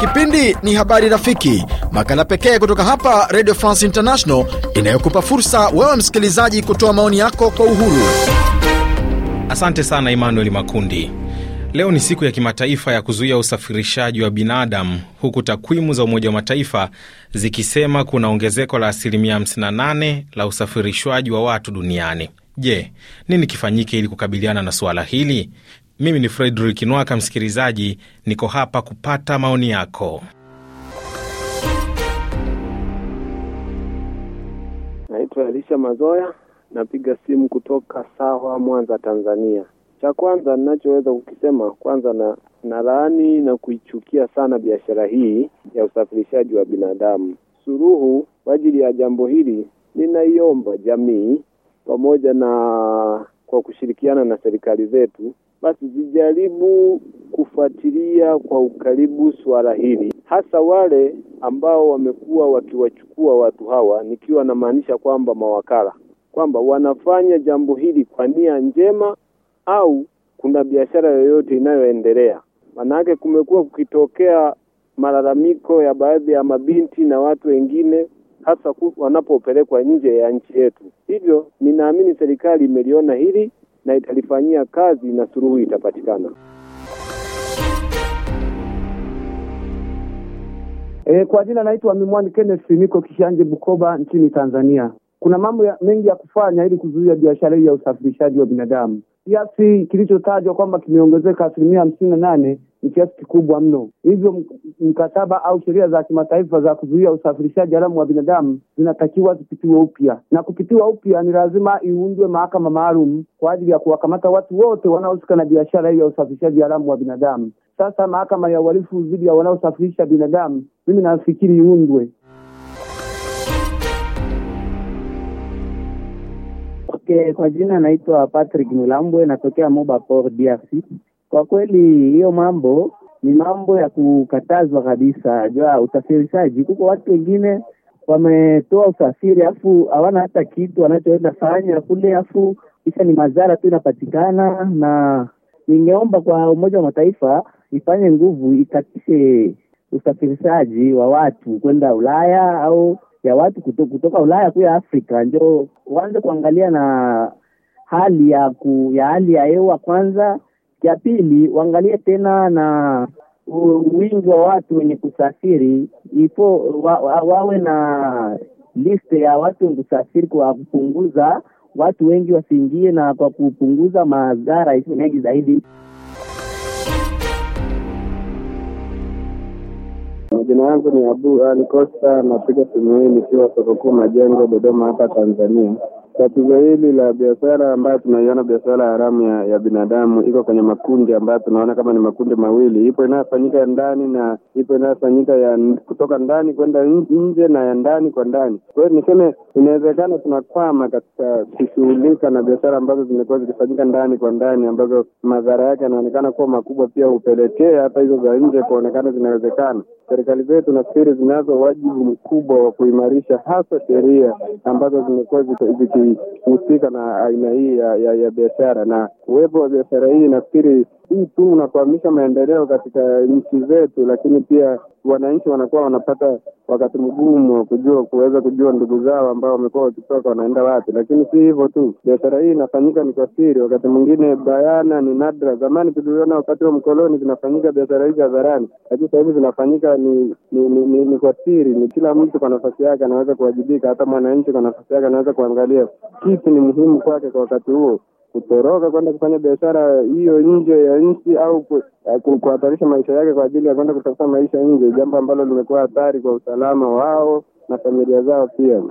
Kipindi ni Habari Rafiki, makala pekee kutoka hapa Radio France International inayokupa fursa wewe msikilizaji kutoa maoni yako kwa uhuru. Asante sana Emmanuel Makundi. Leo ni siku ya kimataifa ya kuzuia usafirishaji wa binadamu, huku takwimu za Umoja wa Mataifa zikisema kuna ongezeko la asilimia 58 la usafirishwaji wa watu duniani. Je, nini kifanyike ili kukabiliana na suala hili? Mimi ni Fredrik Nwaka, msikilizaji, niko hapa kupata maoni yako. Naitwa Elisha Mazoya, napiga simu kutoka Sawa, Mwanza, Tanzania. Cha kwanza ninachoweza kukisema kwanza, na na laani na kuichukia sana biashara hii ya usafirishaji wa binadamu. Suluhu kwa ajili ya jambo hili ninaiomba jamii pamoja na kwa kushirikiana na serikali zetu basi zijaribu kufuatilia kwa ukaribu suala hili, hasa wale ambao wamekuwa wakiwachukua watu hawa, nikiwa namaanisha kwamba mawakala, kwamba wanafanya jambo hili kwa nia njema au kuna biashara yoyote inayoendelea. Maanake kumekuwa kukitokea malalamiko ya baadhi ya mabinti na watu wengine hasa wanapopelekwa nje ya nchi yetu. Hivyo ninaamini serikali imeliona hili na italifanyia kazi na suluhu itapatikana. E, kwa jina naitwa Mimwani Kenneth, niko Kishanje, Bukoba nchini Tanzania. Kuna mambo mengi ya kufanya ili kuzuia biashara hii ya usafirishaji wa binadamu. Kiasi kilichotajwa kwamba kimeongezeka asilimia hamsini na nane ni kiasi kikubwa mno. Hivyo mkataba au sheria za kimataifa za kuzuia usafirishaji haramu wa binadamu zinatakiwa zipitiwe upya, na kupitiwa upya ni lazima iundwe mahakama maalum kwa ajili ya kuwakamata watu wote wanaohusika na biashara hiyo ya usafirishaji haramu wa binadamu. Sasa mahakama ya uhalifu dhidi ya wanaosafirisha binadamu, mimi nafikiri iundwe Ke, kwa jina naitwa Patrick Mulambwe, natokea Moba Port, DRC. Kwa kweli hiyo mambo ni mambo ya kukatazwa kabisa, jua usafirishaji. Kuko watu wengine wametoa usafiri afu hawana hata kitu wanachoenda fanya kule, afu kisha ni madhara tu inapatikana. Na ningeomba kwa Umoja wa Mataifa ifanye nguvu, ikatishe usafirishaji wa watu kwenda Ulaya au ya watu kutoka, kutoka Ulaya kuya Afrika njo waanze kuangalia na hali ya ku, ya hali ya hewa kwanza. ya pili waangalie tena na wingi wa watu wenye kusafiri ipo wa, wa, wawe na liste ya watu wenye kusafiri kwa kupunguza watu wengi wasiingie na kwa kupunguza madhara mengi zaidi. Jina yangu ni Abu Ali Kosta, napiga simu hii nikiwa Sokokuu Majengo, Dodoma hapa Tanzania tatizo hili la biashara ambayo tunaiona biashara haramu ya, ya binadamu iko kwenye makundi ambayo tunaona kama ni makundi mawili. Ipo inayofanyika ya ndani na ipo inayofanyika ya kutoka ndani kwenda nje na ya ndani kwa ndani. Kwa hiyo niseme, inawezekana tunakwama katika kushughulika na biashara ambazo zimekuwa zikifanyika ndani kwa ndani, ambazo madhara yake yanaonekana kuwa makubwa, pia hupelekea hata hizo za nje kuonekana zinawezekana. Serikali zetu nafikiri zinazo wajibu mkubwa wa kuimarisha hasa sheria ambazo zimekuwa ziki kuhusika na aina hii ya, ya, ya biashara na uwepo wa biashara hii, nafikiri hii tu unakwamisha maendeleo katika nchi zetu, lakini pia wananchi wanakuwa wanapata wakati mgumu kujua kuweza kujua ndugu zao ambao wamekuwa wakitoka wanaenda wapi. Lakini si hivyo tu, biashara hii inafanyika ni kwa siri, wakati mwingine bayana, ni nadra. Zamani tuliona wakati wa mkoloni zinafanyika biashara hizi hadharani, lakini sasa zinafanyika ni ni, ni, ni ni kwa siri, ni kila mtu kwa nafasi yake anaweza kuwajibika, hata mwananchi kwa nafasi yake anaweza kuangalia kipi ni muhimu kwake kwa wakati huo kutoroka kwenda kufanya biashara hiyo nje ya nchi au kuhatarisha maisha yake kwa ajili ya kwenda kutafuta maisha nje, jambo ambalo limekuwa hatari kwa usalama wao na familia zao pia.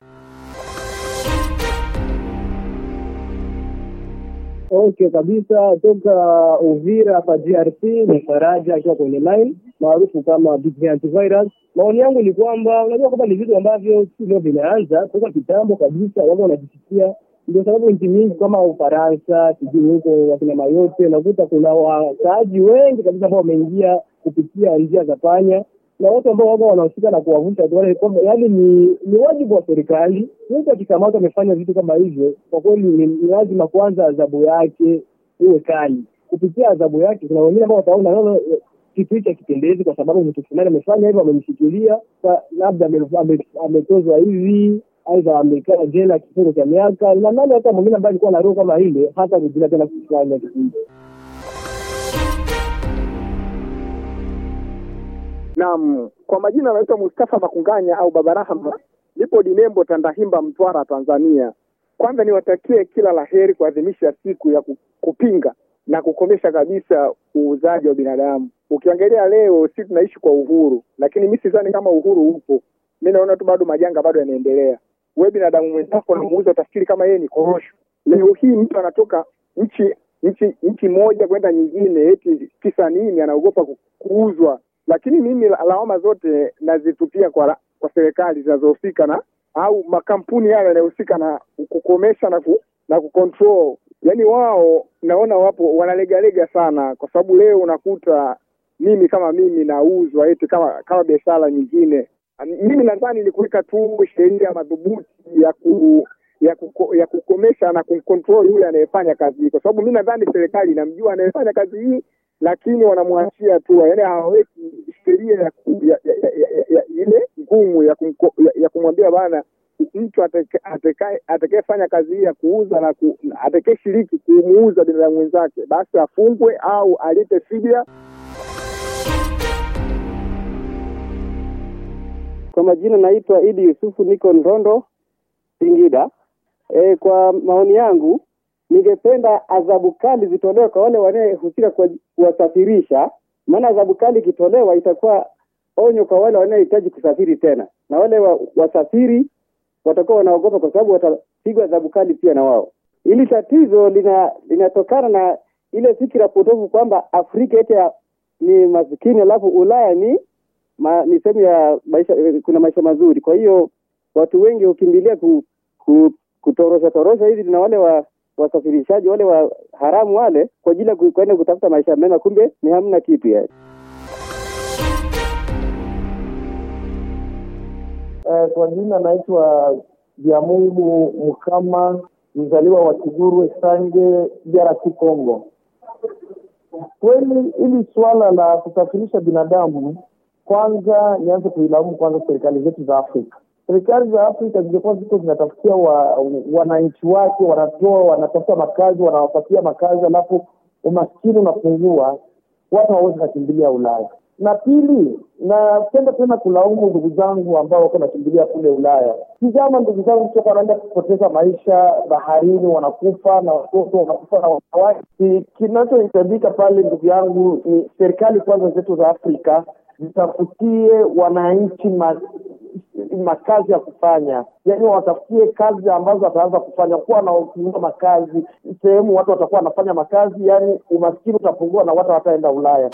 Okay kabisa, toka Uvira hapa DRC ni Faraja akiwa kwenye line maarufu kama Big Antivirus. Maoni yangu ni kwamba unajua kwamba ni vitu ambavyo sio vinaanza vimeanza toka kitambo kabisa, wao wanajisikia ndio sababu nchi nyingi kama Ufaransa, sijui huko wakinama yote, unakuta kuna wakaaji wengi kabisa ambao wameingia kupitia njia za panya na watu ambao wao wanahusika na kuwavusha wale, kwamba yaani ni ni wajibu wa serikali. Mtu akikamatwa amefanya vitu kama hivyo, kwa kweli ni lazima kwanza adhabu yake iwe kali. Kupitia adhabu yake, kuna wengine ambao wataona nono kitu hichi hakipendezi, kwa sababu mtu fulani amefanya hivyo, amemshikilia labda ametozwa hivi aidha amekaa jela kifungo cha miaka na nani, hata mwingine ambaye alikuwa na roho kama ile hata rujila tena kufanya kitu Naam, kwa majina anaitwa Mustafa Makunganya au Baba Rahma, nipo Dinembo, Tandahimba, Mtwara, Tanzania. Kwanza niwatakie kila laheri kuadhimisha siku ya kupinga na kukomesha kabisa uuzaji wa binadamu. Ukiangalia leo, si tunaishi kwa uhuru, lakini mi sidhani kama uhuru upo. Mi naona tu bado majanga bado yanaendelea wewe binadamu mwenzako namuuza utafikiri kama yeye ni korosho. Leo hii mtu anatoka nchi nchi nchi moja kwenda nyingine, eti kisa nini? Anaogopa kuuzwa. Lakini mimi lawama zote nazitupia kwa, kwa serikali zinazohusika na au makampuni yale yanayohusika na kukomesha na, ku, na kucontrol. Yani wao naona wapo wanalegalega sana, kwa sababu leo unakuta mimi kama mimi nauzwa eti kama kama biashara nyingine mimi nadhani ni kuweka tu sheria madhubuti ya ku ya, kuko, ya kukomesha na kumcontrol yule anayefanya kazi hii, kwa sababu mi nadhani serikali inamjua anayefanya kazi hii, lakini wanamwachia tu, yaani hawaweki sheria ya, ya, ya, ya, ya, ya ile ngumu ya, ya, ya kumwambia bana mtu atakayefanya kazi hii ya kuuza na ku, atakayeshiriki kumuuza binadamu mwenzake basi afungwe au alipe fidia. Kwa majina naitwa Idi Yusufu, niko Ndondo, Singida. E, kwa maoni yangu ningependa adhabu kali zitolewe kwa wale wanaohusika kuwasafirisha, maana adhabu kali ikitolewa itakuwa onyo kwa wale wanaohitaji kusafiri tena, na wale wa, wasafiri watakuwa wanaogopa kwa sababu watapigwa adhabu kali pia na wao. Hili tatizo lina, linatokana na ile fikira potofu kwamba Afrika yote ni masikini alafu Ulaya ni ma, ni sehemu ya maisha, kuna maisha mazuri. Kwa hiyo watu wengi hukimbilia ku, ku, kutorosha torosha hivi na wale wa wasafirishaji wale wa haramu wale kwa ajili ya kuenda kutafuta maisha mema, kumbe ni hamna kitu yani. Eh, kwa jina naitwa Jamungu Mkama, mzaliwa wa Kiguru Sange, DRC Congo. Kweli hili swala la kusafirisha binadamu kwanza nianze kuilaumu kwanza serikali zetu za Afrika. Serikali za Afrika zingekuwa ziko zinatafutia wananchi wa wake, wanatoa wanatafuta makazi, wanawapatia makazi, alafu umaskini unapungua, watu hawawezi kakimbilia Ulaya. Na pili, napenda tena kulaumu ndugu zangu ambao wako nakimbilia kule Ulaya. kizama ndugu zangu toka wanaenda kupoteza maisha baharini, wanakufa na watoto wanakufa na wanawake. Kinachohitajika pale ndugu yangu ni serikali kwanza zetu za Afrika zitafutie wananchi ma, makazi ya kufanya, yaani watafutie kazi ambazo wataanza kufanya, kuwa na makazi sehemu watu watakuwa wanafanya makazi, yaani umaskini utapungua na watu wataenda Ulaya.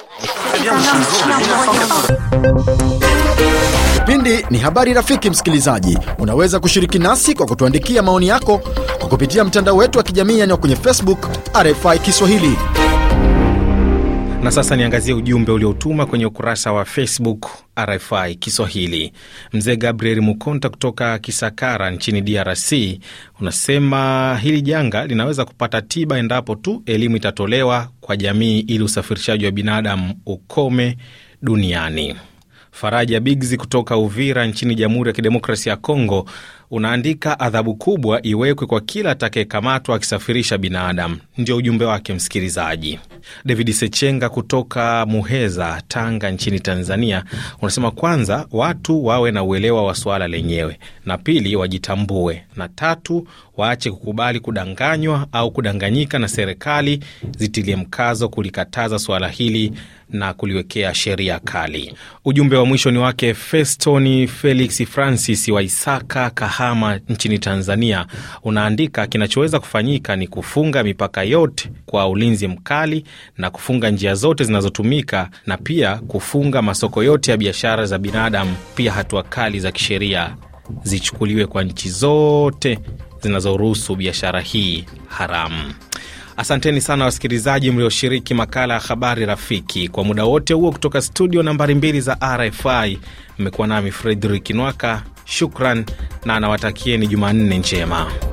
Kipindi ni habari rafiki. Msikilizaji, unaweza kushiriki nasi kwa kutuandikia maoni yako kwa kupitia mtandao wetu wa kijamii, yaani kwenye Facebook RFI Kiswahili. Na sasa niangazie ujumbe uliotuma kwenye ukurasa wa Facebook RFI Kiswahili. Mzee Gabriel Mukonta kutoka Kisakara nchini DRC unasema hili janga linaweza kupata tiba endapo tu elimu itatolewa kwa jamii ili usafirishaji wa binadamu ukome duniani. Faraja Bigzi kutoka Uvira nchini Jamhuri ya Kidemokrasia ya Kongo unaandika adhabu kubwa iwekwe kwa kila atakayekamatwa akisafirisha binadamu. Ndio ujumbe wake msikilizaji. David Sechenga kutoka Muheza, Tanga nchini Tanzania unasema kwanza, watu wawe na uelewa wa suala lenyewe, na pili, wajitambue, na tatu, waache kukubali kudanganywa au kudanganyika, na serikali zitilie mkazo kulikataza suala hili na kuliwekea sheria kali. Ujumbe wa mwisho ni wake Festoni Felix Francis wa Isaka, Kahama nchini Tanzania. Unaandika, kinachoweza kufanyika ni kufunga mipaka yote kwa ulinzi mkali na kufunga njia zote zinazotumika na pia kufunga masoko yote ya biashara za binadamu. Pia hatua kali za kisheria zichukuliwe kwa nchi zote zinazoruhusu biashara hii haramu. Asanteni sana wasikilizaji mlioshiriki makala ya habari rafiki kwa muda wote huo, kutoka studio nambari mbili za RFI. Mmekuwa nami Fredrik Nwaka, shukran na nawatakieni Jumanne njema.